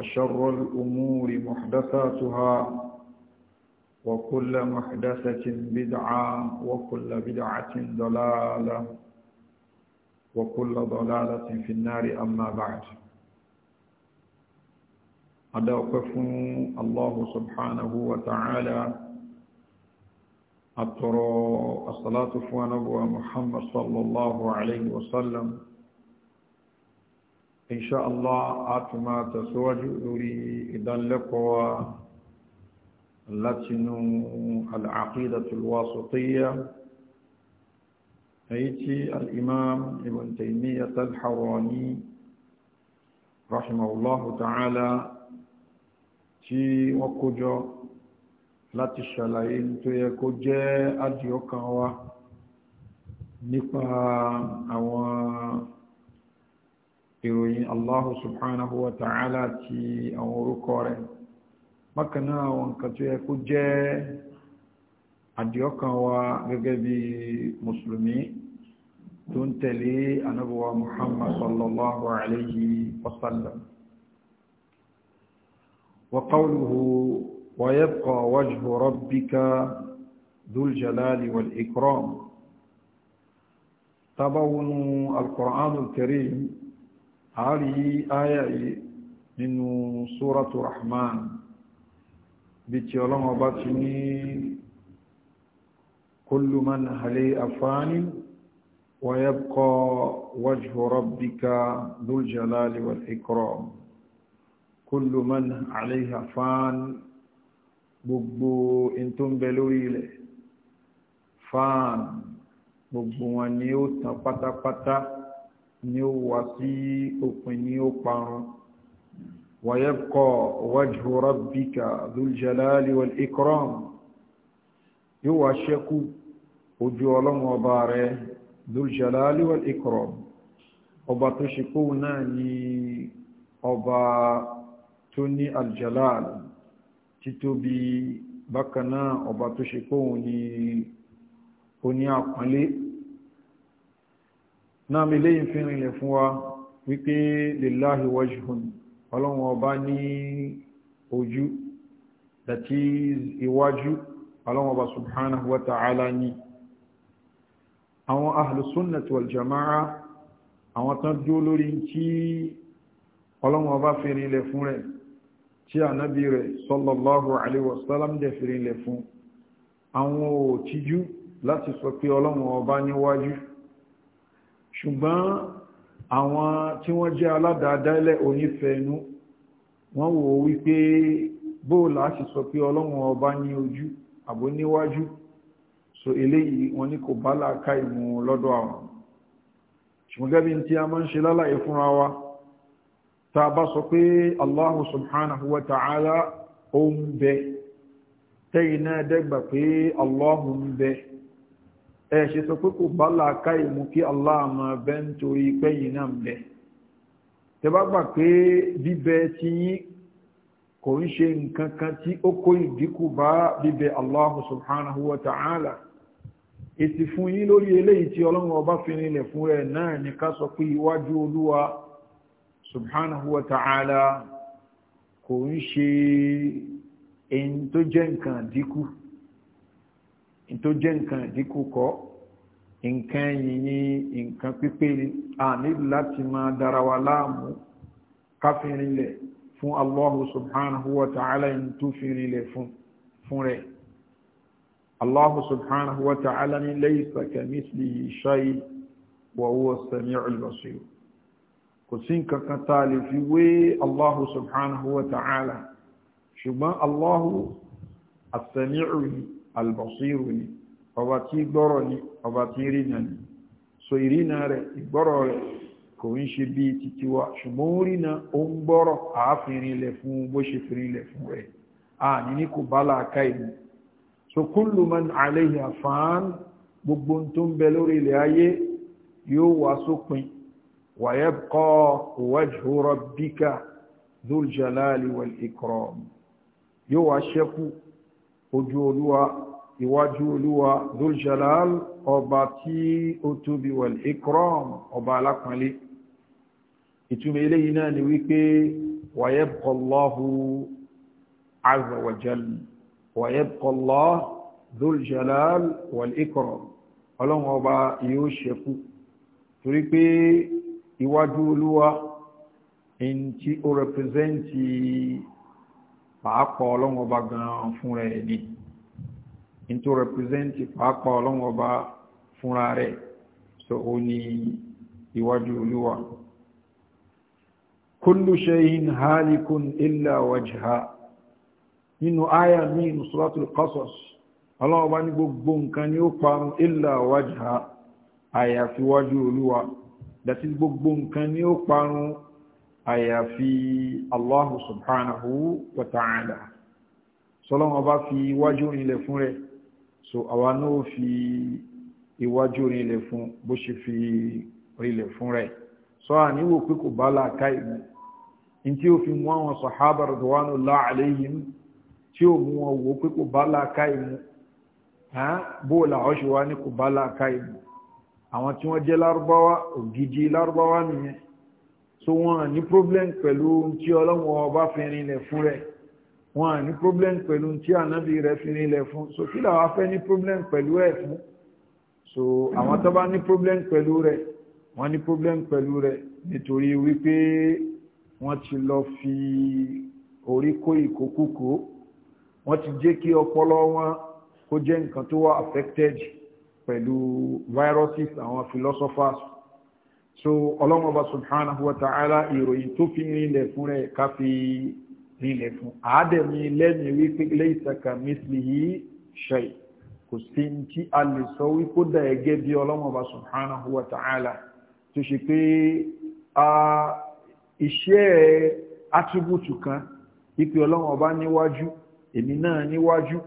وشر الأمور محدثاتها وكل محدثة بدعة وكل بدعة ضلالة وكل ضلالة في النار أما بعد أدوقف الله سبحانه وتعالى أترى الصلاة فوانبوى محمد صلى الله عليه وسلم إن شاء الله أتما تسواج لوري إذن لقوا لتن العقيدة الواسطية أيتي الإمام ابن تيمية الحراني رحمه الله تعالى تي وكجو láti ṣàlàyé tó yẹ kó jẹ́ àdìọ́kan wa nípa àwọn ìròyìn Allahu subhanahu wa ta'ala ti àwọn orúkọ rẹ̀ bákaná àwọn nǹkan tó yẹ kó jẹ́ àdíọ́kan wa gẹ́gẹ́ bí mùsùlùmí tó ń tẹ̀lé anábọ̀wà Muhammad sallallahu alayhi wa sallam wa qawluhu wa yabqa wajhu rabbika dhul wal ikram tabawunu al-Qur'an karim àárí ayà yìí nínú sóràtù rahman bí ti ọlọ́wọ́ bá ti ní kullu man alayha fanin wa yabqa wajhu rabbika dhul jalali wal ikram kullu man alayha fan gbogbo ìtúnbẹ lórí ilẹ̀ fan gbogbo wọn ni ó tàn pátápátá ni ó wá sí òpin ni ó parun ويبقى وجه ربك ذو الجلال والإكرام yóò wá ṣẹ́kù ojú ọlọ́run ọba rẹ̀ dùljalali wal ikram ọba tó ṣe kó náà ni ọba tó ní aljalal títóbi bákan ọba tó ṣe kó ní oní náà mi léyìn fi rìnlẹ̀ fún wa wípé lillahi wajhun ọlọ́run ọba ní ojú that is iwájú ọlọ́run ọba subhanahu wa ta'ala ní àwọn ahlùsúnnàtí wal jama'a àwọn tán dúó lórí tí ọlọ́run ọba fi rìnlẹ̀ fún rẹ̀ tí ànábì rẹ̀ sallallahu alaihi ṣùgbọ́n àwọn tí wọ́n jẹ́ aládàádálẹ̀ onífẹ̀ẹ́nú wọ́n wò ó wípé bóòlà sì sọ pé ọlọ́run ọba ní ojú àbó níwájú so eléyìí wọ́n ní kò bá láàká ìmú lọ́dọ̀ àwọn ṣùgbọ́n gẹ́bí tí a máa ń ṣe lálàyé fúnra wa ta bá sọ pé Allahu subhanahu wa ta'ala ó ń bẹ tẹ́yìn náà dẹ́gbà pé Allahu ń bẹ ẹ ṣe sọ pé kò bá làákà ìmú kí Allah máa bẹ ń torí pẹ́yìn náà ń bẹ tẹ́ bá gbà pé bíbẹ ti yín kò ń ṣe nǹkan kan tí ó kó ìdínkù bá bíbẹ Allah subhanahu wa ta'ala èsì fún yín lórí eléyìí tí ọlọ́run ọba fi rinlẹ̀ fún rẹ̀ náà ní ká sọ pé iwájú olúwa subhanahu wa ta'ala kò ń ṣe èyí tó jẹ́ nǹkan dínkù tó jẹ́ nǹkan ìdínkù kọ́ nǹkan yìnyín nǹkan pípé àní láti máa dára wa láàmú káfírinlẹ̀ fún Allahu subhanahu wa ta'ala in tó fìrinlẹ̀ fún rẹ̀ Allahu subhanahu wa ta'ala ni laysa kamithlihi shay wa huwa as-sami'ul basir kò sí nǹkan kan tá a lè fi wé Allahu subhanahu wa ta'ala ṣùgbọ́n Allahu as-sami'u albasiru ni ọba tí gbọ́rọ̀ ni ọba tí rìnà ni so ìrìnà rẹ̀ ìgbọ́rọ̀ rẹ̀ kò ń ṣe bí títí wa ṣùgbọ́n ó rìnà ó ń gbọ́rọ̀ àáfìrin ilẹ̀ fún bó ṣe fìrin ilẹ̀ fún rẹ̀ àní ní kò bá làákà ìlú so kullu man alayha fan gbogbo tó ń bẹ lórí ilẹ̀ ayé yóò wá sópin wa yabqa wajhu rabbika dhul jalali wal ikram yóò wá ṣẹ́kù ojú olúwa iwájú olúwa duljalal ọba tí ó tóbi wal ikram ọba alápọ̀nlé ìtumọ̀ eléyìí náà ni wípé wa yabqa Allahu azza wa jalla wa yabqa Allah ọlọ́run ọba yóò ṣẹ́kù torí pé iwájú olúwa in tí ó rẹpẹsẹ́ntì pàápọ̀ ọlọ́run ọba gan fún rẹ̀ ní in tó rẹpùsẹ́ntì pàápọ̀ ọlọ́run ọba fúnra rẹ̀ so ó ní iwájú olúwa kullu shay'in halikun illa wajha nínú àyà ní nusratul qasas ọlọ́run ọba ní gbogbo nǹkan ni ó parun illa wajha àyàfi olúwa dàtí gbogbo nǹkan ni ó parun àyàfi Allahu subhanahu wa ta'ala sọlọ́wọ́n bá fi iwájú rinlẹ̀ fún rẹ̀ so àwa náà fi iwájú rinlẹ̀ fún bó ṣe fi rinlẹ̀ fún rẹ̀ sọ àníwò pé kò bá láàká ìmú in tí ó fi mú àwọn sàhábà radwanullahi alayhim tí ó mú wọn wò pé kò bá láàká ìmú bóòlà ọ̀ṣùwá ní kò bá láàká ìmú àwọn tí wọ́n jẹ́ lárúbáwá ògidì lárúbáwá nìyẹn so wọn ní problem pẹ̀lú tí ọlọ́wọ́ ọba fi rinlẹ̀ fún rẹ̀ wọn ní problem pẹ̀lú tí ànábì rẹ̀ fi rinlẹ̀ fún so kí làwọn afẹ́ ní problem pẹ̀lú ẹ̀ fún so àwọn tó bá ní problem pẹ̀lú rẹ̀ wọ́n ní problem pẹ̀lú rẹ̀ nítorí wípé wọ́n ti lọ fi orí kó ìkókúkó wọ́n ti jẹ́ kí ọpọlọ wọn kó jẹ́ nǹkan tó wà affected pẹ̀lú viruses àwọn philosophers so ọlọ́mọba subhanahu wa ta'ala ìròyìn tó fi nílẹ̀ fún rẹ̀ ká fi nílẹ̀ fún àádẹ́mi lẹ́yìn wípé laysa kamislihi shay kò sí tí a lè sọ wípé dà ẹgẹ́ bí ọlọ́mọba subhanahu wa ta'ala tó ṣe pé iṣẹ́ attribute kan ipe ọlọ́mọba níwájú èmi náà níwájú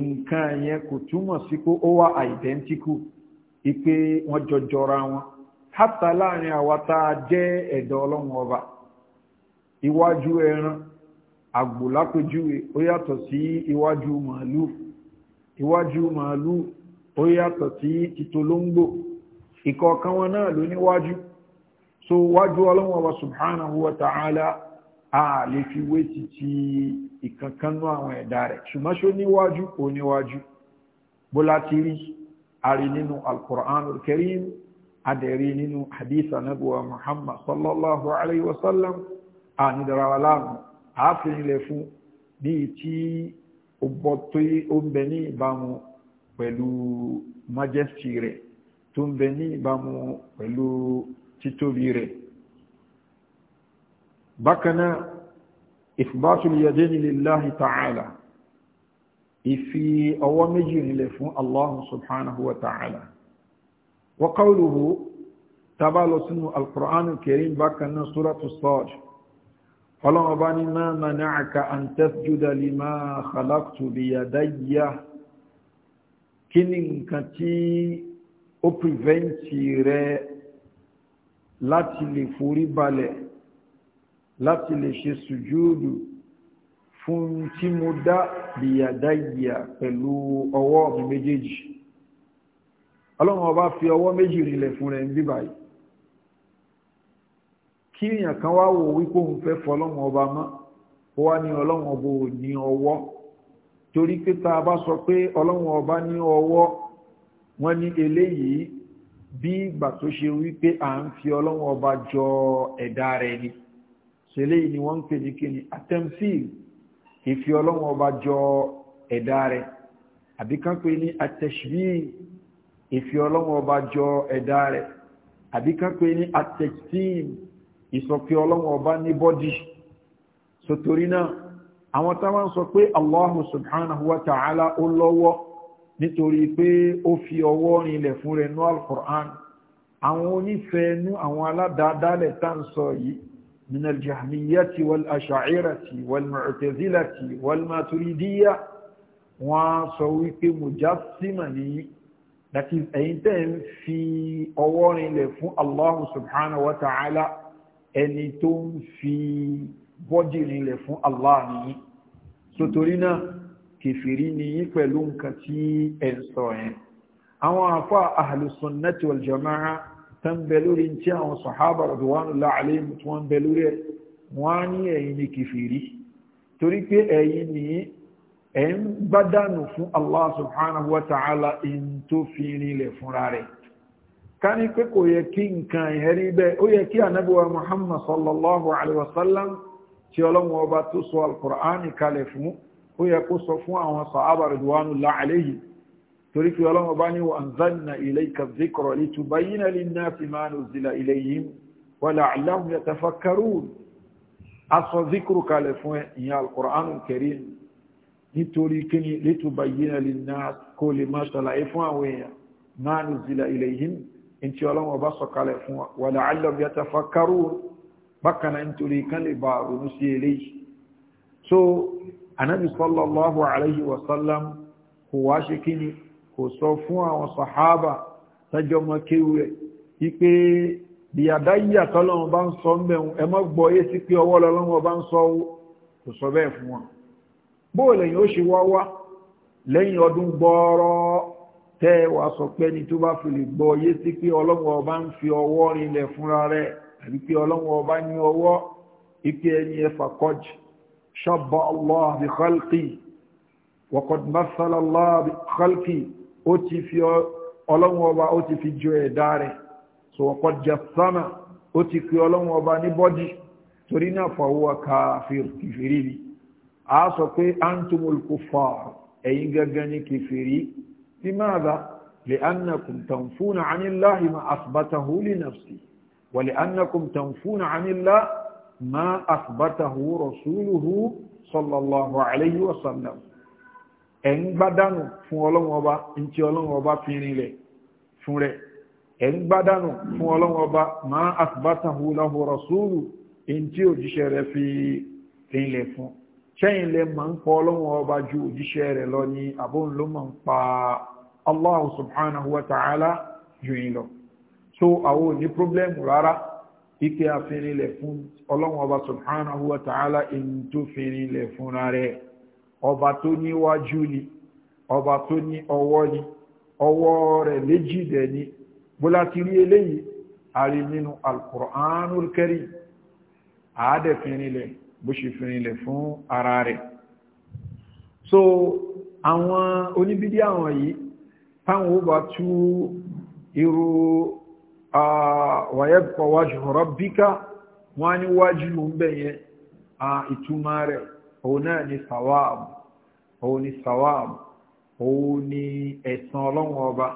nǹkan yẹn kò túmọ̀ sí pé ó wà identical ipe wọ́n jọjọra wọn Hata láàrin àwátá jẹ́ ẹ̀dọ̀ ọlọ́run ọba iwájú ẹran àgbò lápèjúwe ó yàtọ̀ sí iwájú màálù iwájú màálù ó yàtọ̀ sí titolóńgbò ìkọ̀ọ̀kan wọn náà ló níwájú so wájú ọlọ́run ọba subhanahu wa ta'ala a lè fi wé títí ìkankanú àwọn ẹ̀dá rẹ̀ ṣùgbọ́n ṣó níwájú kò níwájú bó láti rí a nínú al-Qur'anul adẹ̀rí nínú hadith anabuwa muhammad sallallahu alayhi wa sallam ànidarawa láàmù àáfin ilẹ̀ fún bíi tí ó bọ́ tó ó ń bẹ ní ìbámu pẹ̀lú majesty rẹ̀ tó ń bẹ ní ìbámu pẹ̀lú títóbi rẹ̀ bákanáà ìfúbátul yadayni lillahi ta'ala ìfi ọwọ́ méjì rinlẹ̀ fún allahu subhanahu wa ta'ala wa qawluhu tábà lọ sínú alkùránù karim bákan náà suratu Sad ọlọ́run ọba ní ma mana'aka an tasjuda lima khalaqtu biyadayya kí ni nǹkan tí ó pìrìvẹ́ǹtì rẹ láti lè forí balẹ̀ láti lè ṣe sùjúdù fún tí mo dá bìyàdáyà pẹ̀lú ọwọ́ mi méjèèjì ọlọ́run ọba fi ọwọ́ méjì rinlẹ̀ fún rẹ̀ ń bí báyìí kí èèyàn kan wá wò wípé òun fẹ́ fọ ọlọ́run ọba mọ́ ó wá ní ọlọ́run ọba ò ní ọwọ́ torí pé tá a bá sọ pé ọlọ́run ọba ní ọwọ́ wọ́n ní eléyìí bí ìgbà tó ṣe wípé à ń fi ọlọ́run ọba jọ ẹ̀dá rẹ̀ ni ṣẹlẹ́yìn ni wọ́n ń pè ní kíni atẹ́mfíìl ìfi ọlọ́run ọba jọ ẹ̀dá rẹ̀ àbíkán pé ní atẹ́ṣbíì ìfi ọlọ́run ọba jọ ẹ̀dá rẹ̀ àbí ká pé ní atẹ̀tìm ìsọ̀kè ọlọ́run ọba ní bọ́dì sotori náà àwọn táwọn sọ pé allahu subhanahu wa ta'ala ó lọ́wọ́ nítorí pé ó fi ọwọ́ rinlẹ̀ fún rẹ̀ nú al àwọn onífẹ̀ẹ́ nú àwọn aládàádálẹ̀ tá ń sọ yìí من الجهمية والأشاعرة والمعتزلة والماتريدية وصويك مجسما that is ẹ̀yin tẹ́ ń fi ọwọ́ rinlẹ̀ fún Allah subhanahu wa ta'ala ẹni tó ń fi bọ́dì rinlẹ̀ fún Allah nìyí so torí náà kèfèrí nìyí pẹ̀lú nǹkan tí ẹ̀ ń sọ yẹn àwọn àfà ahlu sunnati jama'a tó ń bẹ lórí tí àwọn sahaba radwanullahi alayhim tí ń bẹ lórí ẹ̀ wọ́n á ní ẹ̀yin ní kèfèrí torí pé ẹ̀yin nìyí ẹ̀ ń gbádànù fún Allah subhanahu wa ta'ala in tó fi rinlẹ̀ fúnra rẹ̀ ká ní pé kò yẹ kí nǹkan ìhẹ́rí bẹ́ẹ̀ ó yẹ kí anábíwa Muhammad sallallahu alaihi wasallam tí ọlọ́run ọba tó sọ alkùránì kalẹ̀ fún ó yẹ kó sọ fún àwọn sàábà ridwanullahi alayhi torí kí ọlọ́run ọba ní wa anzalna ilayka dhikra litubayyina linnasi ma nuzila ilayhim wa la'allahum yatafakkarun a sọ zikru kalẹ̀ fún ìyẹn alkùránì karim nítorí kíni létùbà yína lè náà kó lè máa ṣàlàyé fún àwọn èèyàn náà ní zila ilẹ̀ yìí in tí ọlọ́wọ́ bá sọ̀kalẹ̀ fún wa la'allam yatafakkarun bákaná nítorí kan lè bá ronú sí eléyìí so anábi sallallahu alayhi wa sallam kò wá ṣe kíni kò sọ fún àwọn sahaba tajọ mọ kéwù rẹ̀ wípé bí àdáyíyà tọ́lọ́wọ́ bá ń sọ mẹ́rin ẹ má gbọ́ yé sí pé ọwọ́ lọ́lọ́wọ́ bá ń sọ kò sọ bẹ́ẹ̀ fún wọn bó lẹ́yìn ó ṣe wá wá lẹ́yìn ọdún gbọ́ọ́rọ́ tẹ́ wàá sọ pé ní tó bá fi lè gbọ́ yé sí pé ọlọ́run ọba ń fi ọwọ́ rinlẹ̀ fúnra rẹ̀ àbí pé ọlọ́run ọba ní ọwọ́ ike ẹni ẹfà kọjì ṣọ́bọ̀ allah bi khalqi waqad masala allah bi khalqi ọlọ́run ọba ní bọ́dì torí náà fàwọ́ kàfíìrì kìfìrí ni a sọ pé antumul kufar ẹ̀yin gangan ni kèfèrí bí máa bá lè annakum tanfuna anillahi ma asbatahu li nafsi wa lè annakum tanfuna anillahi ma asbatahu rasuluhu sallallahu alayhi wa sallam ẹ̀ ń gbádànù fún ọlọ́wọ́n ọba ń tí ọlọ́wọ́n ọba fi rinlẹ̀ fún rẹ̀ ẹ̀ ń fún ọlọ́wọ́n ọba ma asbatahu lahu rasulu in tí òjíṣẹ́ rẹ̀ fi rinlẹ̀ fún ṣẹ́yìn lè máa ń pọ̀ ọlọ́run ọba ju òjíṣẹ́ rẹ̀ lọ ní àbóhùn ló máa ń pa Allah subhanahu wa ta'ala ju yìí lọ so àwọn òní pírọ́blẹ́mù rárá ike àfinilẹ̀ fún ọlọ́run ọba subhanahu wa ta'ala in tó finilẹ̀ fúnra rẹ̀ ọba tó níwájú ni ọba tó ní ọwọ́ ni ọwọ́ rẹ̀ léjì dẹ̀ ni bólá ti rí eléyìí a rí nínú al-Qur'anul Karim àádẹ́finilẹ̀ bó ṣe fìrìnlẹ̀ fún ara rẹ̀ so àwọn oníbídí àwọn yìí táwọn ó bá tú irú wàyẹ́pọ̀ wájú rabbika wọ́n ní wájú ń bẹ̀yẹn ìtumá rẹ̀ òun náà ni sàwáàbù òun ni sàwáàbù òun ni ẹ̀sán ọlọ́wọ́n ọba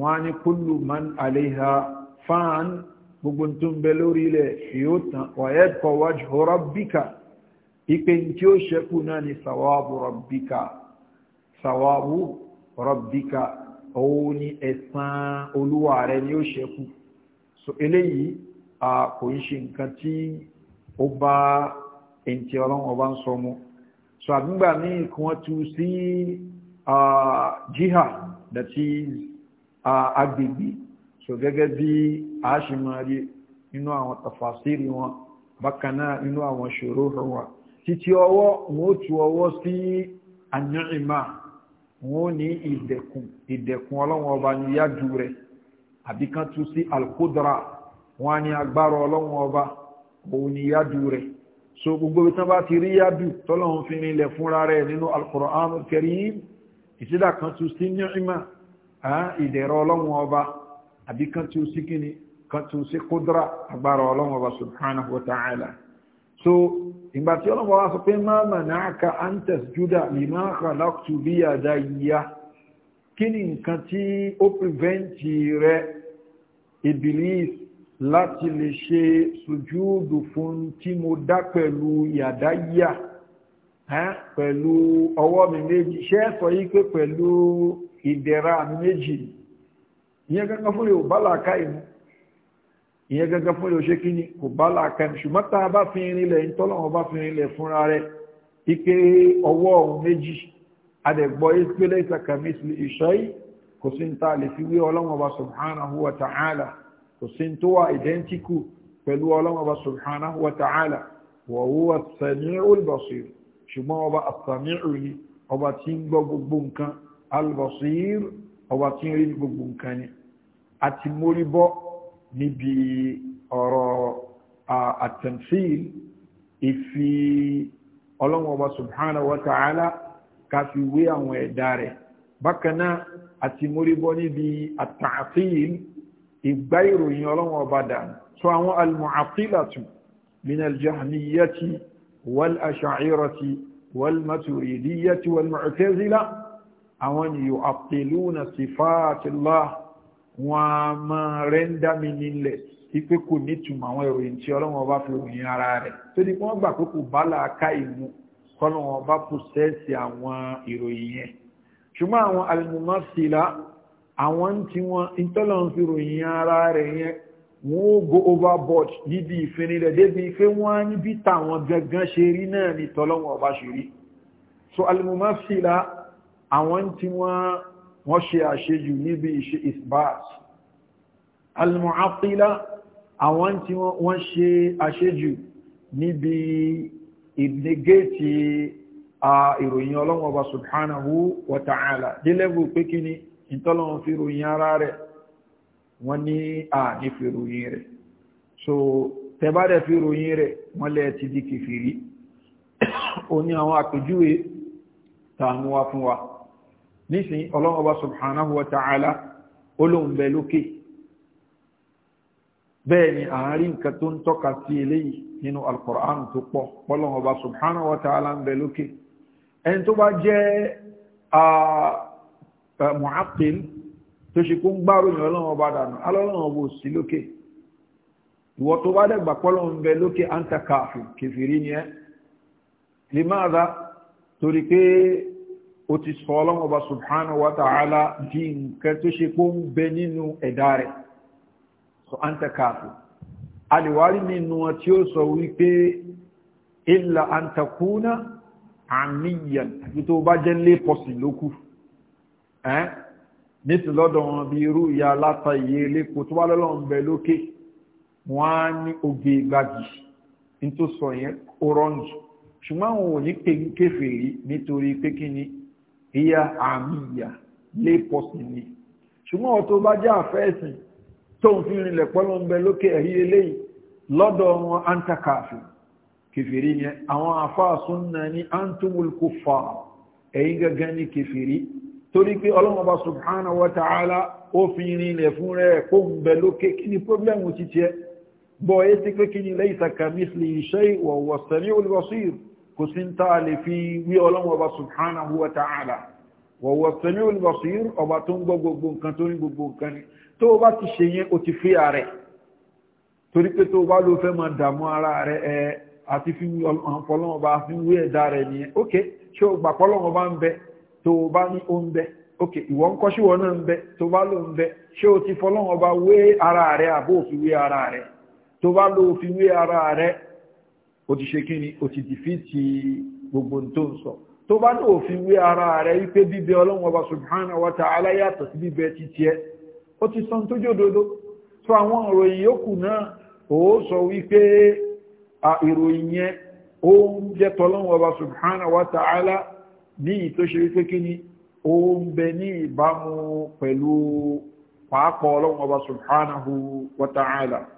wọ́n ní kullu man alayha fan gbogbo tó ń bẹ lórí ilẹ̀ yóò tán wàyẹ́d kọwàj rabbika ipe tí ó ṣẹ́kù náà ni sàwábù rabbika sàwábù rabbika òun ni ẹ̀san olúwa rẹ̀ ni ó ṣẹ́kù so eléyìí a kò ń ṣe nǹkan tí ó bá ẹ̀ǹtì ọlọ́run ọba ń sọ mu so àgbígbà míì kí wọ́n tu sí jihad that is agbègbè so gẹ́gẹ́ bíi àṣìmọ̀rí nínú àwọn tafasiri wọn bákan náà nínú àwọn ṣòro wọn títí ọwọ́ wọn ó tu ọwọ́ sí àyànìmá wọn ó ní ìdẹ̀kùn ìdẹ̀kùn ọlọ́wọ́n ọba ní yájú rẹ̀ àbí kan tú sí alkudra wọn ní agbára ọlọ́wọ́n ọba òun ní yájú rẹ̀ so gbogbo bí tán bá kan tún sí kúdúrà agbára ọlọ́run subhanahu wa ta'ala so ìgbà tí ọlọ́run ọba sọ pé máa mà náà ka antes juda lima khalaqtu biyadayya kí ni nǹkan tí ó pìrìvẹ́ǹtì rẹ ibilis láti lè ṣe sùjúùdù fún tí mo dá pẹ̀lú yàdáyà pẹ̀lú ọwọ́ mi méjì ṣe é sọ yí pé pẹ̀lú ìdẹ̀ra méjì ìyẹn gángan fún yóò bá làákà ìmú ìyẹn gangan fún ilé òṣèkí ni kò bá làákàn ṣùgbọ́n tá a bá fi irin lẹ̀ ń tọ́lọ́wọ́n bá fi irin lẹ̀ fúnra rẹ̀ ike ọwọ́ ọ̀hún méjì adẹ̀gbọ́ ìpele ìtàkàmí ìṣọ́yí kò sí ń ta lè fi wé ọlọ́wọ́n bá subhanahu wa ta'ala kò sí ń tó wà ìdẹ́ntíkù pẹ̀lú ọlọ́wọ́n bá ṣùgbọ́n ọba as níbi ọ̀rọ̀ àtẹ̀síl ìfi ọlọ́run ọba subhanahu wa ta'ala ká fi wé àwọn ẹ̀dá rẹ̀ bákan náà àti múríbọ́ níbi àtàfíl ìgbá ìròyìn ọlọ́run ọba dànù so àwọn almu'attilatu min aljahmiyyati wal ash'irati wal maturidiyyati wal mu'tazila àwọn ni yu'attiluna sifatillah wọ́n a máa rẹ́ńdà mi nílẹ̀ ipe kò nítumọ̀ àwọn ìròyìn tí ọlọ́run ọba fi ròyìn ara rẹ̀ tó ní wọ́n gbà pé kò bá làákà ìmú kọ́lọ́run ọba pòṣẹ́ẹ̀sì àwọn ìròyìn yẹn ṣùgbọ́n àwọn alìmọ̀mọ́sílá àwọn tí wọ́n ìtọ́lọ́run fi ròyìn ara rẹ̀ yẹn wọ́n ó go overboard níbi ìfinilẹ̀ débi pé wọ́n á níbi táwọn gangan ṣe rí náà ní tọ́lọ́run ọba ṣe rí so alìmọ̀mọ́sílá àwọn tí wọ́n wọ́n ṣe àṣejù níbi ìṣe isbat al-mu'attila àwọn tí wọ́n ṣe àṣejù níbi ìdígéètì ìròyìn ọlọ́wọ́ ọba subhanahu wa ta'ala délẹ́bù pé kí ni ìtọ́lọ́wọ́ fi ròyìn ara rẹ̀ wọ́n ní à ní fi ròyìn rẹ̀ so tẹbárẹ̀ fi ròyìn rẹ̀ wọ́n lẹ́ ti di kìfìrí o ní àwọn àpèjúwe tààmúwa fún wa. Fun nísìn ọlọ́run ọba subhanahu wa ta'ala olóhùn bẹ lókè bẹ́ẹ̀ ni àárín nǹkan tó ń tọ́ka sí eléyìí nínú alkùránù tó pọ̀ ọlọ́run ọba subhanahu wa ta'ala ń bẹ lókè ẹni tó bá jẹ́ mu'aqil tó ṣe kó ń gbárò ní ọlọ́run dànù alọ́run sí ó ti sọ ọlọ́run ọba subhanahu wa ta'ala di nǹkan tó ṣe pé ó ń bẹ nínú ẹ̀dá rẹ̀ sọ anta kafir alìwárí nínú wọn tí ó sọ wípé illa an takuna àmìyàn àti tó bá jẹ́ lé pọ̀sì lókù ẹ́n nítí lọ́dọ̀ wọn bí irú ìyá aláta ìyé eléko tó wá lọ́lọ́ ń bẹ lókè wọ́n á ní oge gbági ní sọ yẹn orange ṣùgbọ́n àwọn ò ní pè kéfèé nítorí pé kí ni ìyá àmì ìyà lé pọ̀sì ni ṣùgbọ́n ọ̀tọ́ bá jẹ́ àfẹ́ẹ̀sìn tó ń fi rinlẹ̀ pọ́lọ́ ń bẹ lókè ẹ̀rí eléyìí lọ́dọ̀ wọn antakaafi kèfèrí yẹn àwọn àfáà súnna ní antumul kufa gangan ní kèfèrí torí pé ọlọ́mọba subhanahu wa ta'ala ó fi rinlẹ̀ fún rẹ̀ kó ń bẹ lókè kí ni pọ́blẹ́mù ti tiẹ̀ bọ̀ ẹ́ ti pé kí ni laysa kamislihi shay' wa huwa as-sami'ul basir kò sí fi wí ọba subhanahu wa ta'ala wọ̀wọ̀ sẹ́mi olùbọ̀sùn ọba tó ń gbọ́ gbogbo nǹkan gbogbo nǹkan ni tó o ti ṣe yẹn o ti fi ààrẹ torí pé tó o bá ló fẹ́ máa ara rẹ ẹ àti fi ọlọ́run fi wí ẹ̀dá rẹ ok ṣé o gbà ń bẹ tó ok ìwọ ń kọ́ síwọ náà ń bẹ tó o bá ló ń bẹ ṣé o ti ara rẹ àbó òfin ara rẹ tó ó ti ṣe kíni ó ti dìfíìtì gbogbo tó ń sọ tó bá ní òfin wé ara rẹ̀ wípé bíbẹ ọlọ́run ọba subhanahu wa ta'ala yàtọ̀ sí bíbẹ títí ẹ ó ti sọ tó jòdodo tó àwọn ìròyìn yòókù náà ó sọ wípé ìròyìn yẹn ó ń jẹ́ tọ́lọ́run ọba subhanahu wa ta'ala ní ìtó ṣe wípé kíni ó ń bẹ ní ìbámu pẹ̀lú pàápọ̀ ọlọ́run ọba subhanahu wa ta'ala.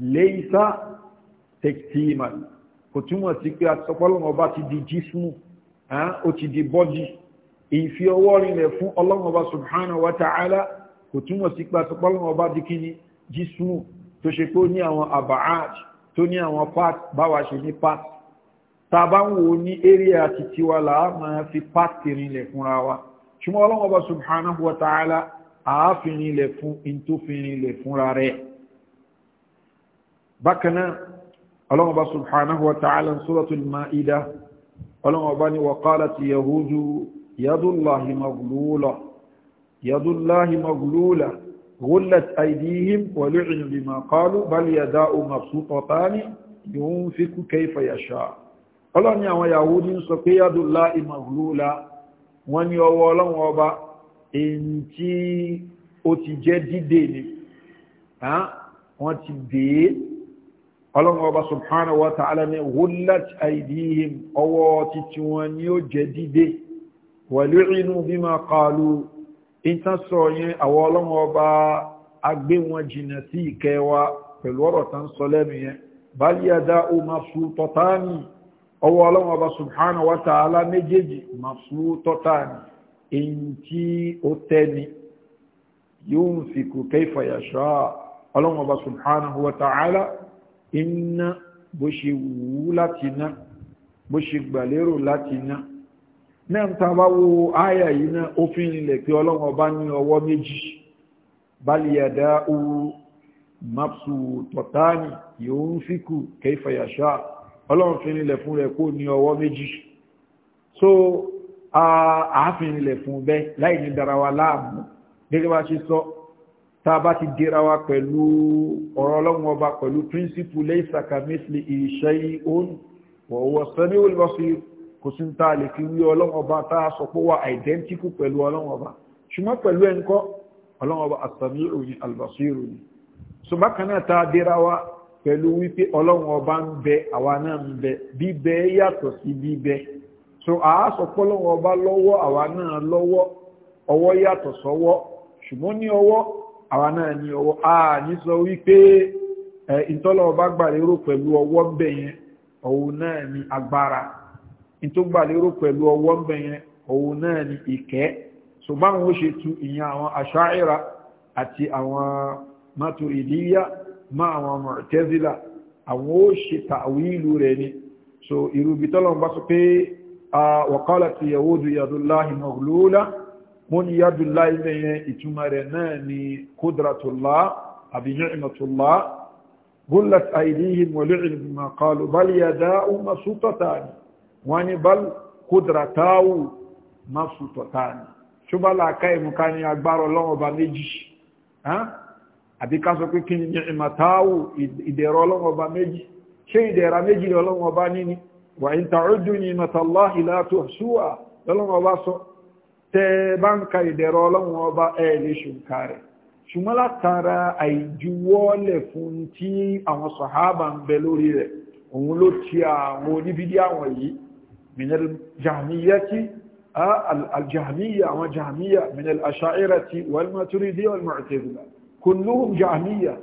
léyìísá tẹ̀tìmà kò túmọ̀ sí pé àtọ́pọ́lọ́wọ́ bá ti di jísmù ó ti di bọ́dì ìfi ọwọ́ rinlẹ̀ fún ọlọ́wọ́ bá subhanahu wa ta'ala kò túmọ̀ sí pé àtọ́pọ́lọ́wọ́ bá di kíni jísmù tó ṣe pé ó ní àwọn àbáàj tó ní part báwa ṣe ní part tá a wo ní eré àti tiwa là á fi part rinlẹ̀ fúnra wa ṣùgbọ́n ọlọ́wọ́ bá subhanahu wa ta'ala àáfin rinlẹ̀ fún in tó fi rinlẹ̀ fúnra bákaná ọlọ́wọ́ba subhanahu wa ta'ala suratul ma'ida ọlọ́wọ́ba ni wa qalat yahudu yadullahi maglula yadullahi maglula ghullat aydihim wa lu'inu bima qalu bal yada'u mabsutatani yunfiku kayfa yasha ọlọ́ni àwọn yahudi ń sọ pé yadullahi maglula wọ́n ní ọwọ́ ọlọ́wọ́ba èyí tí ó ti jẹ́ dídè ni wọ́n ti dèé ọlọ́run ọba subhanahu wa ta'ala ni hullat aidihim ọwọ́ títí wọn ni ó jẹ dídé wàlú inú bima qalu ìtàn sọ yẹn àwọn ọlọ́run ọba agbé wọn jìnà sí ìkẹwa pẹ̀lú ọ̀rọ̀ tán sọ lẹ́nu yẹn bal yada'u mabsutotani ọwọ́ ọlọ́run ọba subhanahu wa ta'ala méjèèjì mabsutotani èyí tí ó tẹ́ni yunfiku kayfa yasha ọlọ́run ọba subhanahu wa ta'ala iná bó ṣe wù láti ná bó ṣe gbàlérò láti ná náà ta bá wo àyà yìí náà ó fi rinlẹ̀ pé ọlọ́run ọba ní ọwọ́ méjì bálíyàdá ooru mapsu tọ̀tánì yóò ń fíkù kẹfàyàṣá ọlọ́run fi rinlẹ̀ fún rẹ̀ kó ní ọwọ́ méjì so ààfin rinlẹ̀ fún bẹ́ẹ̀ láì ní darawa láàmú gẹ́gẹ́ bá ṣe sọ tá a bá ti dira wa pẹ̀lú ọ̀rọ̀ ọlọ́run ọba pẹ̀lú príncipù laysa kamithlihi shay'un wa huwa as-sami'ul basir kò sí ta lè fi wí ọlọ́run ọba tá sọ pé wà identical pẹ̀lú ọlọ́run ọba ṣùgbọ́n pẹ̀lú ẹ̀ ń kọ́ ọlọ́run ọba as-sami'u ni al-basiru ni ṣùgbọ́n kan náà tá a dira so àá sọ pé ọlọ́run ọba lọ́wọ́ àwa náà lọ́wọ́ ọwọ́ yàtọ̀ àwa náà ní ọwọ́ a ní sọ wípé ìtọ́lọ̀ ọba gbàlérò pẹ̀lú ọwọ́ ń bẹ̀ yẹn òun náà ni agbára ìtó gbàlérò pẹ̀lú ọwọ́ ń bẹ̀ yẹn òun náà ni ìkẹ́ ṣùgbọ́n ó ṣe tu ìyẹn àwọn aṣááìra àti àwọn maturidiyya má àwọn mu'tazila àwọn ó ṣe tàwílù rẹ̀ ni so ìrùbítọ́lọ̀ ń bá sọ pé wa qalat yahudu múniyàdùlá ilé yẹn ìtumọ̀ rẹ̀ náà ni kudratullah àbí ni'matullah gullat aydihim wa lu'inu bima qalu bal yadahu mabsutatani wọ́n ni bal kudratahu mabsutatani ṣùgbọ́n làákà ìmúká ní agbára ọlọ́run ọba méjì àbí ká sọ pé kí ni ni'matahu ìdẹ̀rọ ọlọ́run ọba méjì ṣé ìdẹ̀ra méjì ọlọ́run ọba níní in ta'uddu ni'matallahi la tuhsuha ọlọ́run ọba sọ tẹ́ bá ń ka ìdẹ̀rọ ọlọ́run ọba ẹ̀ lè ṣùnkà rẹ̀ ṣùgbọ́n látara àìjuwọ́lẹ̀ fún tí àwọn sàhábà ń bẹ lórí rẹ̀ òun ló ti àwọn oníbídí àwọn yìí minel jahmiya ti aljahmiya àwọn jahmiya minel ashaira ti walmaturidi walmu'tazila kulluhum jahmiya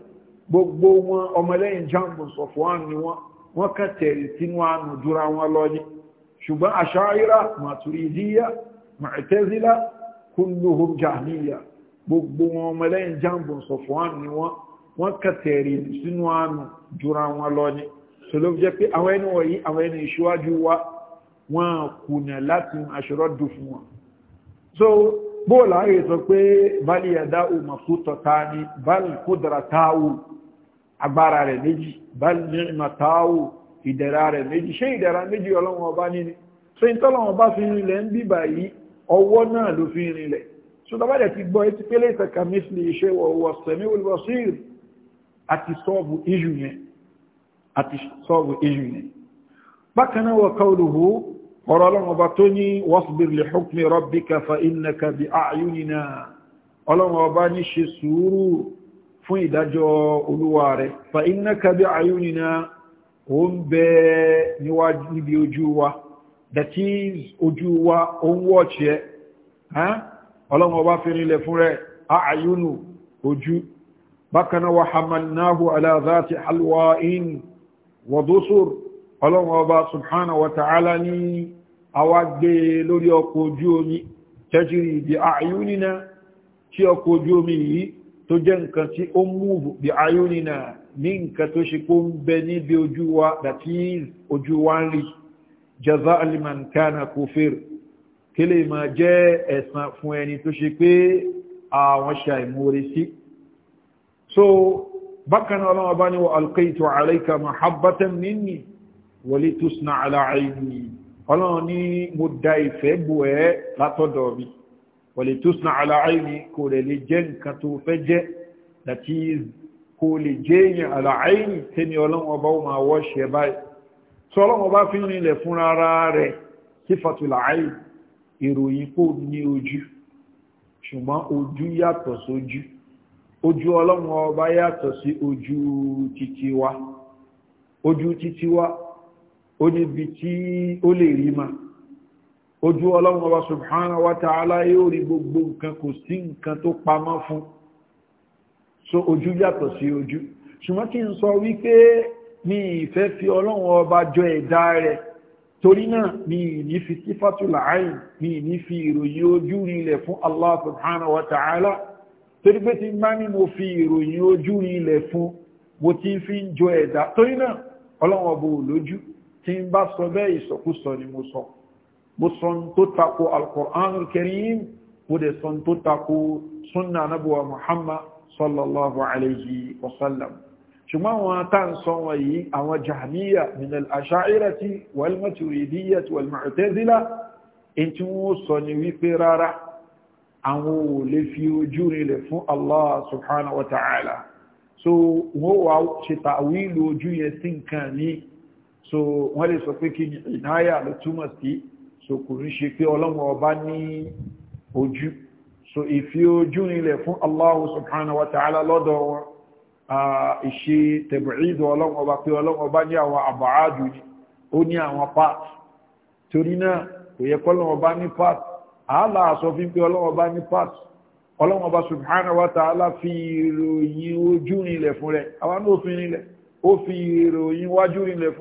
gbogbo wọn ọmọlẹ́yìn jambun sọfọ́n ni wọn wọn kà tẹ̀lé sínú àánú dúra wọn lọ ní ṣùgbọ́n ashaira maturidiya mọ̀tẹ́zílá kulluhum jahmiya gbogbo wọn ọmọlẹ́yìn jambon sọ̀fọ́n ni wọ́n wọ́n kàtẹ̀rì sínú àánú jura wọn lọ ni so ló jẹ́ pé àwọn ẹni wọ̀nyí àwọn ẹni ìṣíwájú wa wọ́n kùnà láti aṣọ́rọ́dù fún so bóòlà ààrẹ sọ pé bali yàdá òmàkú tọ̀ta ni bali kódàrà táwù agbára rẹ̀ méjì bali nìrìnà nínú so ìtọ́lọ́wọ́n ọba fi ń lẹ́ ń bíbà yìí ọwọ́ náà ló fi rinlẹ̀ so tó bá dẹ̀ ti gbọ́ etí pélé ìtẹ̀ka mísìlì iṣẹ́ ọwọ́ sẹ̀mí olùbọ̀sír àti sọ́ọ̀bù iṣu yẹn àti sọ́ọ̀bù iṣu yẹn bákan náà wa qawluhu ọ̀rọ̀ ọlọ́run ọba tó ní wasbir li hukmi rabbika níbi ojú wa that is ojú wa òun wọ́ọ̀chì ẹ ọlọ́run ọba fi rinlẹ̀ fún rẹ̀ ààyúnù ojú bákaná wa hamalnahu ala dhati halwa'in wa dusur ọlọ́run ọba subhanahu wa ta'ala ní awagbe lórí ọkọ̀ ojú omi tajiri bi a'yunina tí ọkọ̀ ojú omi yìí tó jẹ́ nǹkan tí ó múùbù bí ayúnina ní nǹkan tó ṣe kó ń bẹ níbi ojú wa that is ojú wa ń rí jaza liman kana kufir kí lè máa jẹ́ ẹ̀san fún ẹni tó ṣe pé àwọn ṣe àìmórí sí so bákan náà ọlọ́wọ́ bá ní wa alqaitu alayka mahabbatan minni wa litusna ala ayni ọlọ́wọ́ ní mo da ìfẹ́ bù ẹ́ látọ̀dọ̀ mi wa litusna ala ayni kò lè lè jẹ́ nǹkan tó fẹ́ jẹ́ that is kò lè jẹ́ yẹn ala ayni tẹ́ni ọlọ́wọ́ bá wọn máa wọ́ ṣe báyìí tí ọlọ́mọ bá fi nílẹ̀ fúnra ara rẹ̀ sí fatulaayi ìròyìn kò ní ojú ṣùgbọ́n ojú yàtọ̀ sójú ojú ọlọ́mọ ọba yàtọ̀ sí ojú títí wa ojú títí wa ó níbi tí ó lè rí ma ojú ọlọ́mọ ọba subhanahu wa ta'ala yóò rí gbogbo nǹkan kò sí nǹkan tó pamọ́ fún so ojú yàtọ̀ sí ojú ṣùgbọ́n kí n sọ wípé mi ìfẹ́ fi ọlọ́run ọba jọ ẹ̀dá rẹ̀ torí náà mi ní fi sífàtúlà àìn mi ní fi ìròyìn ojú rinlẹ̀ fún Allah subhanahu wa ta'ala torí pé ti má ní mo fi ìròyìn ojú rinlẹ̀ fún mo ti fi ń jọ ẹ̀dá torí náà ọlọ́run ọba ò lójú tí ń bá sọ bẹ́ẹ̀ ìsọkúsọ ni mo sọ mo sọ tó tako al-Qur'anul mo dẹ̀ sọ tó tako sunna nabuwa Muhammad sallallahu alayhi wa sallam ṣùgbọ́n àwọn tàǹsọ wọn yìí àwọn jahmiya minal asha'irati wal maturidiyyati wal mu'tazila in tí wọ́n sọ ni wípé rárá àwọn ò lè fi ojú rinlẹ̀ fún Allah subhanahu wa ta'ala so wọ́n wá ṣe tàwílò ojú yẹn sí nǹkan ní so wọ́n lè sọ pé kí ni ìnáyà ló túmọ̀ sí so kò ní ṣe pé ọlọ́run ọba ní ojú so ìfi ojú rinlẹ̀ fún Allah subhanahu wa ta'ala lọ́dọ̀ wọn ìṣe tẹ̀bùrìdọ̀ ọlọ́run ọba pé ọlọ́run ọba ní àwọn àbáàdù ni ó ní àwọn part torí náà kò yẹ kọ́lọ́run ọba ní part àálà àsọ fi ń pé ọlọ́run ọba ní part ọlọ́run ọba subhanahu wa ta'ala fi ìròyìn ojú rinlẹ̀ fún rẹ̀ àwa náà fi rinlẹ̀ ó fi ìròyìn wájú rinlẹ̀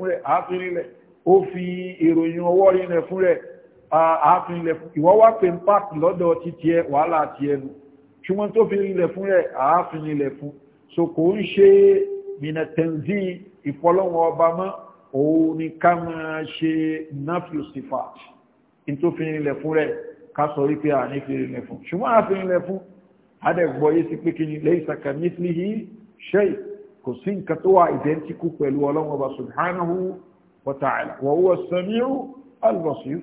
rinlẹ̀ fún so kò ń ṣe minatenzi ìfọlọ́wọ́ ọba mọ́ òun ni ká máa ṣe nafiu sifat tó fi rinlẹ̀ fún rẹ̀ ká sọ wípé à ní fi rinlẹ̀ fún ṣùgbọ́n a fi rinlẹ̀ fún adẹ́gbọ́ yé sí pé kí ni lẹ́yìn sàkàmísìlì yìí ṣe kò sí nǹkan tó wà ìdẹ́ntíkù pẹ̀lú ọlọ́wọ́ ọba subhanahu wa ta'ala wa huwa samiu al-basir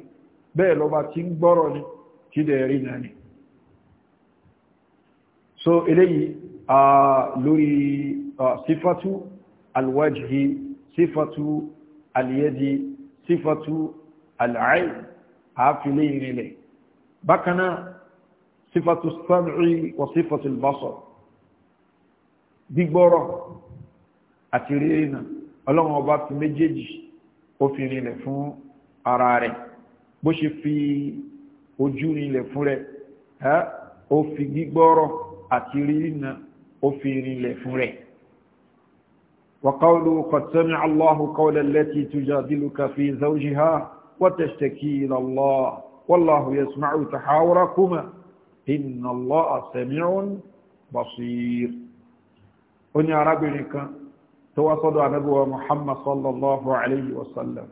bẹ́ẹ̀ lọ́ba tí ń gbọ́rọ̀ ni kí dẹ̀ rí náà so eléyìí lórí sífàtú alwajhi sífàtú aliyedi sífàtú al'ayi àáfilé ìrìnlẹ̀ bákaná sífàtú sam'i wa sífàtú albasar gbígbọ́rọ̀ àti rírìnà ọlọ́run ọba fi méjèèjì ó fi rìnlẹ̀ fún ara rẹ̀ bó ṣe fi ojú rìnlẹ̀ fún rẹ̀ ó fi gbígbọ́rọ̀ àti rírìnà ó fi rinlẹ̀ fún rẹ̀ wàkàlù kọ̀tẹ́mì aláhù kọ́lẹ̀ lẹ́tì tujadiluka fi zawjiha wàtẹ̀ṣẹ̀kì ìlàlọ́ wàláhù yasma'u tahawurakuma inna allaha sami'un basir ó ní arábìnrin kan tó wá sọ́dọ̀ anábíwa muhammad sallallahu alayhi wa sallam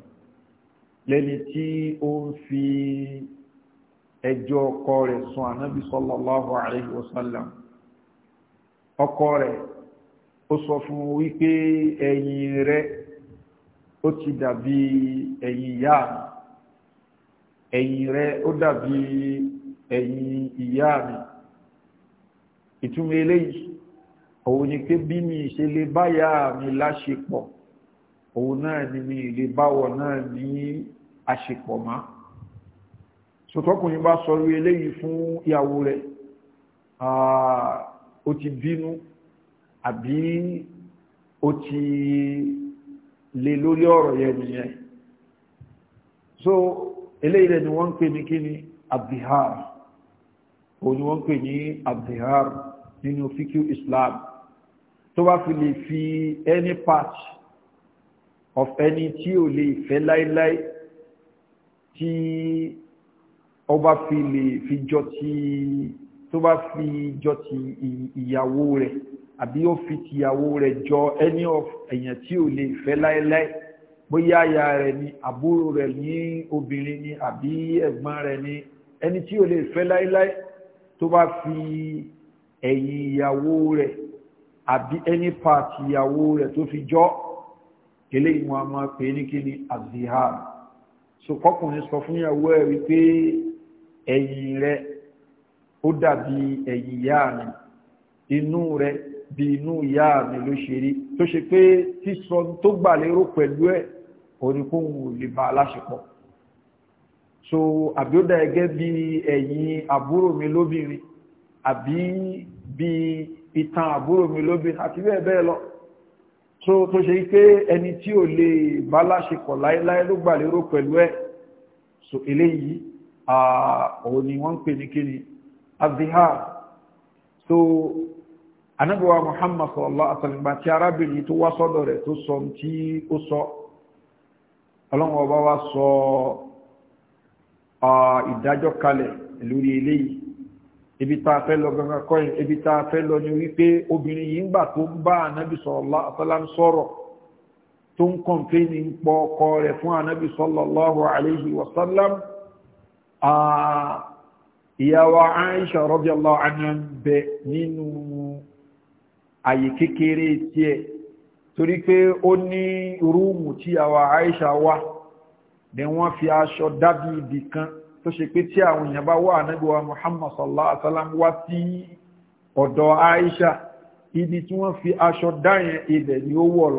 lẹ́ni tí ó ń fi ẹjọ́ ọkọ rẹ̀ sùn sallallahu alayhi wa ọkọ rẹ̀ ó sọ fún wípé ẹ̀yìn rẹ̀ ó ti dàbí ẹ̀yìn ìyá mi ẹ̀yìn rẹ̀ ó dàbí ẹ̀yìn ìyá mi ìtumọ̀ eléyìí òun ni pé bí mi ṣe lè báyà mi láṣepọ̀ òun náà ni mi lè báwọ̀ náà ní àṣepọ̀ máa sọ̀tọ́kùnrin bá sọ eléyìí fún ìyàwó rẹ̀ ó ti bínú àbí ó ti lè lórí ọ̀rọ̀ yẹn nìyẹn so eléyìí rẹ̀ ni wọ́n ń pè ní kíni abdihar òun ni wọ́n pè ní abdihar nínú fíkú Islam tó bá fi lè fi any part of any tí ò lè fẹ́ láíláí tí ọba fi lè fi jọ ti tó bá fi jọ ti ìyàwó rẹ̀ àbí ó fi ti ìyàwó rẹ̀ jọ any of èèyàn tí ò lè fẹ́ láéláé bóyá aya rẹ̀ ni àbúrò rẹ̀ ní obìnrin ni àbí ẹ̀gbọ́n rẹ̀ ni ẹni tí ò lè fẹ́ láéláé tó bá fi ẹ̀yìn ìyàwó rẹ̀ àbí any part ìyàwó rẹ̀ tó fi jọ eléyìí wọn a máa ní kí ni azihar so kọkùnrin sọ fún ìyàwó ẹ̀ wípé ẹ̀yìn rẹ̀ ó dàbí ẹ̀yìn ìyá mi inú rẹ̀ bí inú ìyá mi ló ṣe rí tó ṣe pé sísọ tó gbà lérò pẹ̀lú ẹ̀ oníkóhun ò lè bá a láṣepọ̀ so àbí ó dà gẹ́gẹ́ bí ẹ̀yìn àbúrò mi lóbìnrin àbí bí ìtàn àbúrò mi lóbìnrin àti bẹ́ẹ̀ bẹ́ẹ̀ lọ so tó ṣe pé ẹni tí ò lè bá láṣepọ̀ láéláé ló gbà lérò pẹ̀lú ẹ̀ so eléyìí òun ni wọ́n ń pè ní kíni azihar so anabiwa muhammad sallallahu alaihi wasallam ba ti arábìnrin tó wá sọ́dọ̀ rẹ̀ tó sọ tí ó sọ ọlọ́run ọba wa sọ ìdájọ́ kalẹ̀ lórí eléyìí ibi tá a fẹ́ lọ gangan kọ́ yìí fẹ́ lọ ni wípé obìnrin yìí ń gbà tó ń bá anabi sallallahu alaihi sọ̀rọ̀ tó ń kọ̀ǹpéènì ń pọ ọkọ rẹ̀ fún anabi sallallahu alaihi wasallam ìyàwó Aisha radiyallahu anha bẹ nínú àyè kékeré tí ẹ torí pé ó ní rúùmù tí Aisha wà ni wọ́n fi aṣọ dábì kan tó ṣe pé tí àwọn èèyàn wà nígbàwà Muhammad sallallahu alaihi wasallam Aisha ibi tí wọ́n fi aṣọ dáyẹn ibẹ̀ ni ó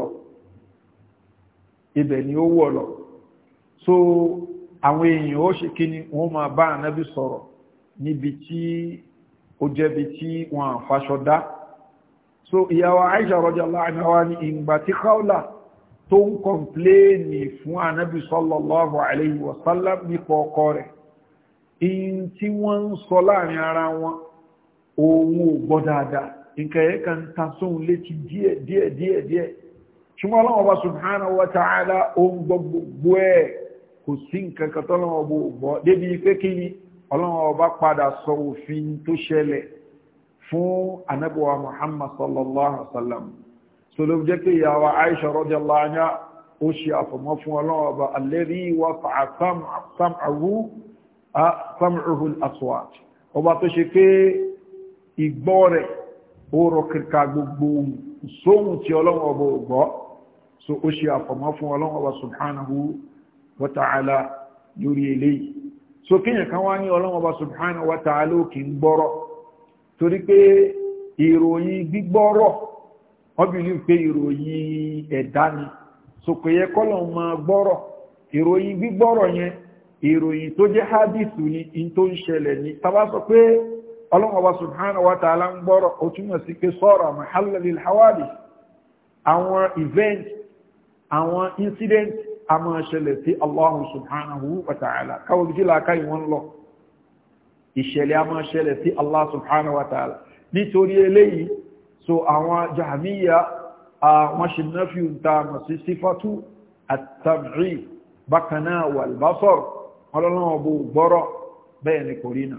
ni ó so àwọn èèyàn ó ṣe kí ni wọ́n máa bá ànábì níbi tí ó jẹ́bi tí wọ́n àfàṣọ dá so ìyàwó Aisha radiyallahu anha ní ìgbà tí Khawla tó ń kọ̀mpléènì fún anábì sallallahu alayhi wa sallam nípa ọkọ rẹ̀ in tí wọ́n ń sọ láàrin ara wọn òun ò gbọ́ dáadáa nǹkan kan ta sóhun létí díẹ̀ díẹ̀ díẹ̀ díẹ̀ ṣùgbọ́n wa ta'ala ó ń gbọ́ gbogbo ẹ̀ kò sí kan tọ́lọ́wọ́ ni ọlọ́run ọba padà sọ òfin tó ṣẹlẹ̀ fún anábọ̀wá muhammad sallallahu alaihi wa sallam sọlọ́ jẹ́ pé ìyàwó aisha radiyallahu anha ó ṣe àfọ̀mọ́ fún ọlọ́run ọba alladhi wafa'a sam'ahu sam'uhu al-aswat ọba tó ṣe pé ìgbọ́ rẹ̀ ó rọ kìrìkà gbogbo sóhun tí ọlọ́run ọba ò wa ta'ala lórí eléyìí so kíyàn kan wá ní ọlọ́wọ́ bá subhanahu wa ta'ala kì ń gbọ́rọ̀ torí pé ìròyìn gbígbọ́rọ̀ obìnrin pé ìròyìn ẹ̀dá ni so kò yẹ ma gbọ́rọ̀ ìròyìn gbígbọ́rọ̀ yẹn ìròyìn tó jẹ́ hadithu ni in tó ń ṣẹlẹ̀ ni tàbá sọ pé ọlọ́wọ́ subhanahu wa ta'ala ń gbọ́rọ̀ ó sí a máa ṣẹlẹ̀ sí Allahu subhanahu wa ta'ala káwọn bí jílá ká ìwọ̀n lọ ìṣẹ̀lẹ̀ a máa ṣẹlẹ̀ sí Allah subhanahu wa ta'ala nítorí eléyìí so àwọn jahmiya àwọn ṣìnáfíù ta mọ̀ sí sífàtú àtàrí bákanáà wal-basar ọlọ́lọ́wọ́ bó gbọ́rọ̀ bẹ́ẹ̀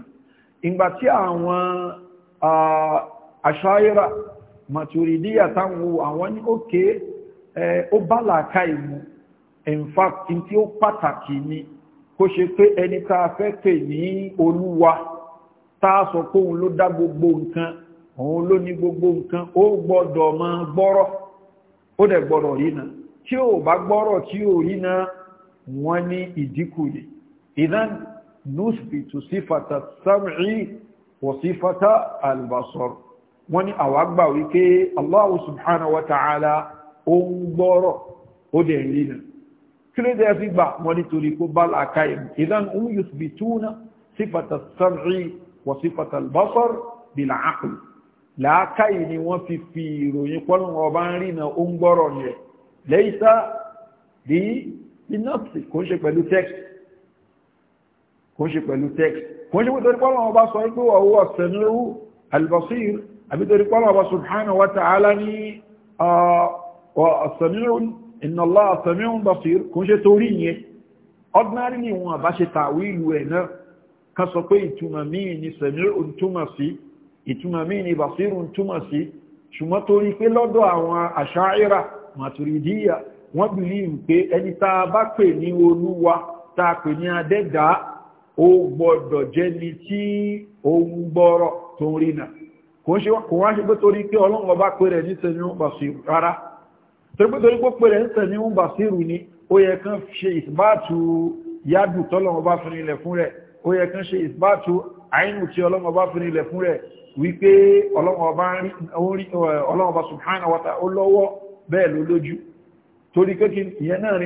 in fact in tí ó pàtàkì ni kó ṣe pé ẹni tá a fẹ́ pè ní olúwa tá a sọ pé òun ló dá gbogbo nǹkan òun ló ní gbogbo nǹkan ó gbọ́dọ̀ máa gbọ́rọ̀ ó dẹ̀ gbọ́dọ̀ rí náà tí ò bá gbọ́rọ̀ tí ò rí náà wọ́n ní ìdínkù ni ìdán nùsbìtù sífàtà sam'i wa sífàtà albasar wọ́n ní àwa gbà wípé Allahu subhanahu wa ta'ala ó ń gbọ́rọ̀ ó dẹ̀ rí kí ló dẹ́ fi gbà wọ́n nítorí kó bá láàká ìmú ìdán ń yuthbituna sífàtà sam'i wà sífàtà basar bil aql láàká yìí ni wọ́n fi fi ìròyìn pọ́lùn ọba ń rìnà ó ń gbọ́rọ̀ yẹ laysa bí inọ́ọ̀sì kò ń ṣe pẹ̀lú text kò ń ṣe pẹ̀lú text kò ń ṣe pẹ̀lú pọ́lùn ọba sọ pé wà huwa sami'u al-basir àbí torí pọ́lùn ọba subhanahu wa ta'ala ní ọ̀sẹ̀míwú uh, inna Allaha sami'un basir kò ń ṣe torí yẹn ordinary ni wọn àbá ṣe tàwílù ẹ̀ náà ká sọ pé ìtumọ̀ míì ni sami'un túmọ̀ sí ìtumọ̀ míì ni basirun túmọ̀ sí ṣùgbọ́n torí pé lọ́dọ̀ àwọn àṣáírà màtùrídíyà wọ́n believe pé ẹni tá a bá pè ní olúwa tá a pè ní adẹ́dàá ó gbọ́dọ̀ jẹ́ni tí òun gbọ́rọ̀ tó ń rí kò wá ṣe pé torí pé ọlọ́run ọba pé rẹ̀ ní sami'un basir rárá torípótorí pópé rẹ̀ ń tẹ̀ ní ń bà sírù ni ó yẹ kán ṣe ìsìbáàtù yádù tọ́lọ́mọ bá fún ilẹ̀ fún rẹ̀ ó yẹ kán ṣe ìsìbáàtù àínú tí ọlọ́mọ bá fún ilẹ̀ fún rẹ̀ wípé ọlọ́mọ bá subhanahu wa ta'ala ó lọ́wọ́ bẹ́ẹ̀ ló lójú torí kékin ìyẹn náà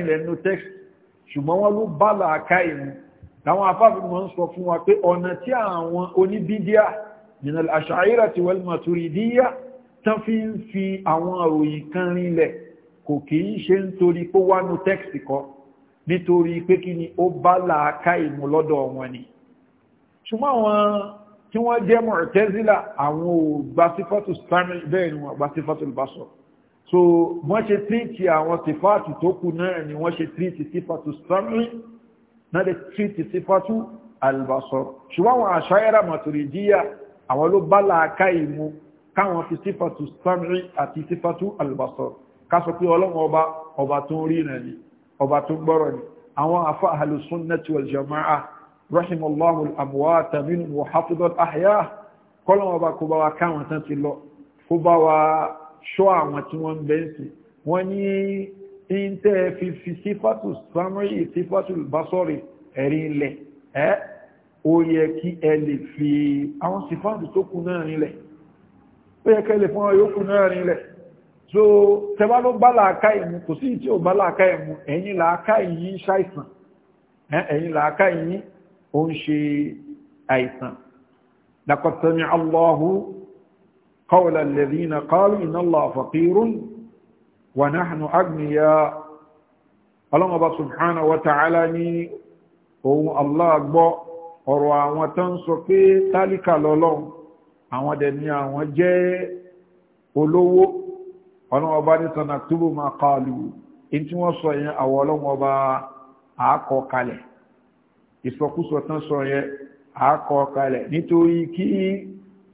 fi ń fi àwọn òyìn kan rinlẹ̀ kò kì í ṣe nítorí pé wánú tẹ́kìtì kọ́ nítorí pé kí ni ó bá làákà ìmú lọ́dọ̀ wọn ni ṣùgbọ́n àwọn tí wọ́n jẹ́ Mu'tazila àwọn ò gba sífàtù sami bẹ́ẹ̀ ni wọ́n gba sífàtù basọ̀ so wọ́n ṣe tíìtì àwọn sífàtù tó kù náà ni wọ́n ṣe tíìtì sífàtù sami náà lè tíìtì sífàtù albasọ̀ ṣùgbọ́n àwọn Asha'ira Maturidiyya àwọn ló bá làákà ìmú káwọn fi sífàtù sami àti sífàtù albasọ̀ ká sọ pé ọlọ́run ọba ọba tó ń rí náà ni ọba tó ń gbọ́rọ̀ ni àwọn afa ahlu sunnati wal jama'a rahimallahu al-amwata minhum wa hafidhal ahya kọ́lọ́run ọba kó bá wa káwọn tán ti lọ kó bá wa ṣọ́ àwọn tí wọ́n ń bẹ́ ń sìn wọ́n ní ìntẹ́ fífi sífàtù samari sífàtù basọ́rì ẹ̀rí ilẹ̀ ẹ́ ó yẹ kí ẹ lè fi àwọn sífàtù tó kù náà rinlẹ̀ ó yẹ kẹ́ lè fún ọ yóò kù náà rinlẹ̀ so tẹba ló bá làákà ìmú kò sí tí ò bá làákà ìmú ẹ̀yìn làákà ìyí ṣàìsàn ẹ̀yìn làákà ìyí ó ń ṣe àìsàn laqad sami'a Allahu qawla alladhina qalu inna Allaha faqirun wa nahnu aghniya ọlọ́mọba subhanahu wa ta'ala ní ohun Allah gbọ́ ọ̀rọ̀ àwọn tó ń sọ pé tálíkà lọ́lọ́run àwọn dẹ̀ ni àwọn jẹ́ olówó ọlọ́wọ́ bá ní sọ̀nà túbù máa kọlù in tí wọ́n sọ yẹn àwọ̀ ọlọ́wọ́ bá àákọ kalẹ̀ ìsọkúsọ tán sọ yẹn àákọ kalẹ̀ nítorí kí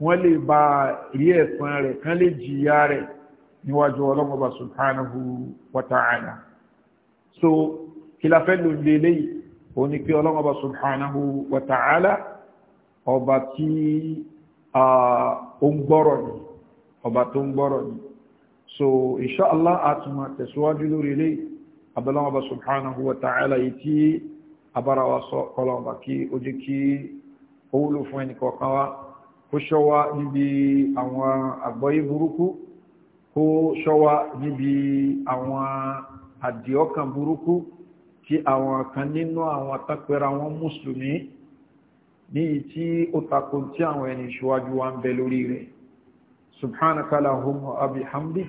wọ́n lè bá rí ẹ̀san rẹ̀ kán lè jìyà rẹ̀ níwájú ọlọ́wọ́ bá subhanahu wa ta'ala so kí la fẹ́ lò léyìí ó ní pé ọlọ́wọ́ bá subhanahu wa ta'ala ọba tí ó ń gbọ́rọ̀ ni ọba tó ń gbọ́rọ̀ ni so inṣáàlá àtùmọ̀ tẹ̀síwájú lórí ilé abẹ́lọ́wọ́ba subhanahu wa ta'ala yìí tí abárawa sọ kọlọ̀ọ̀bà kí ó jẹ́ kí ó wúlò fún ẹnìkọ̀ọ̀kan wá kó ṣọ́wá níbi àwọn àgbọ́yé burúkú kó ṣọ́wá níbi àwọn àdìọ́kàn burúkú tí àwọn kan nínú àwọn atápẹ́ra wọn mùsùlùmí ní tí ó takò tí àwọn ẹni ṣíwájú wa ń bẹ lórí rẹ̀ subhanaka lahumma abihamdik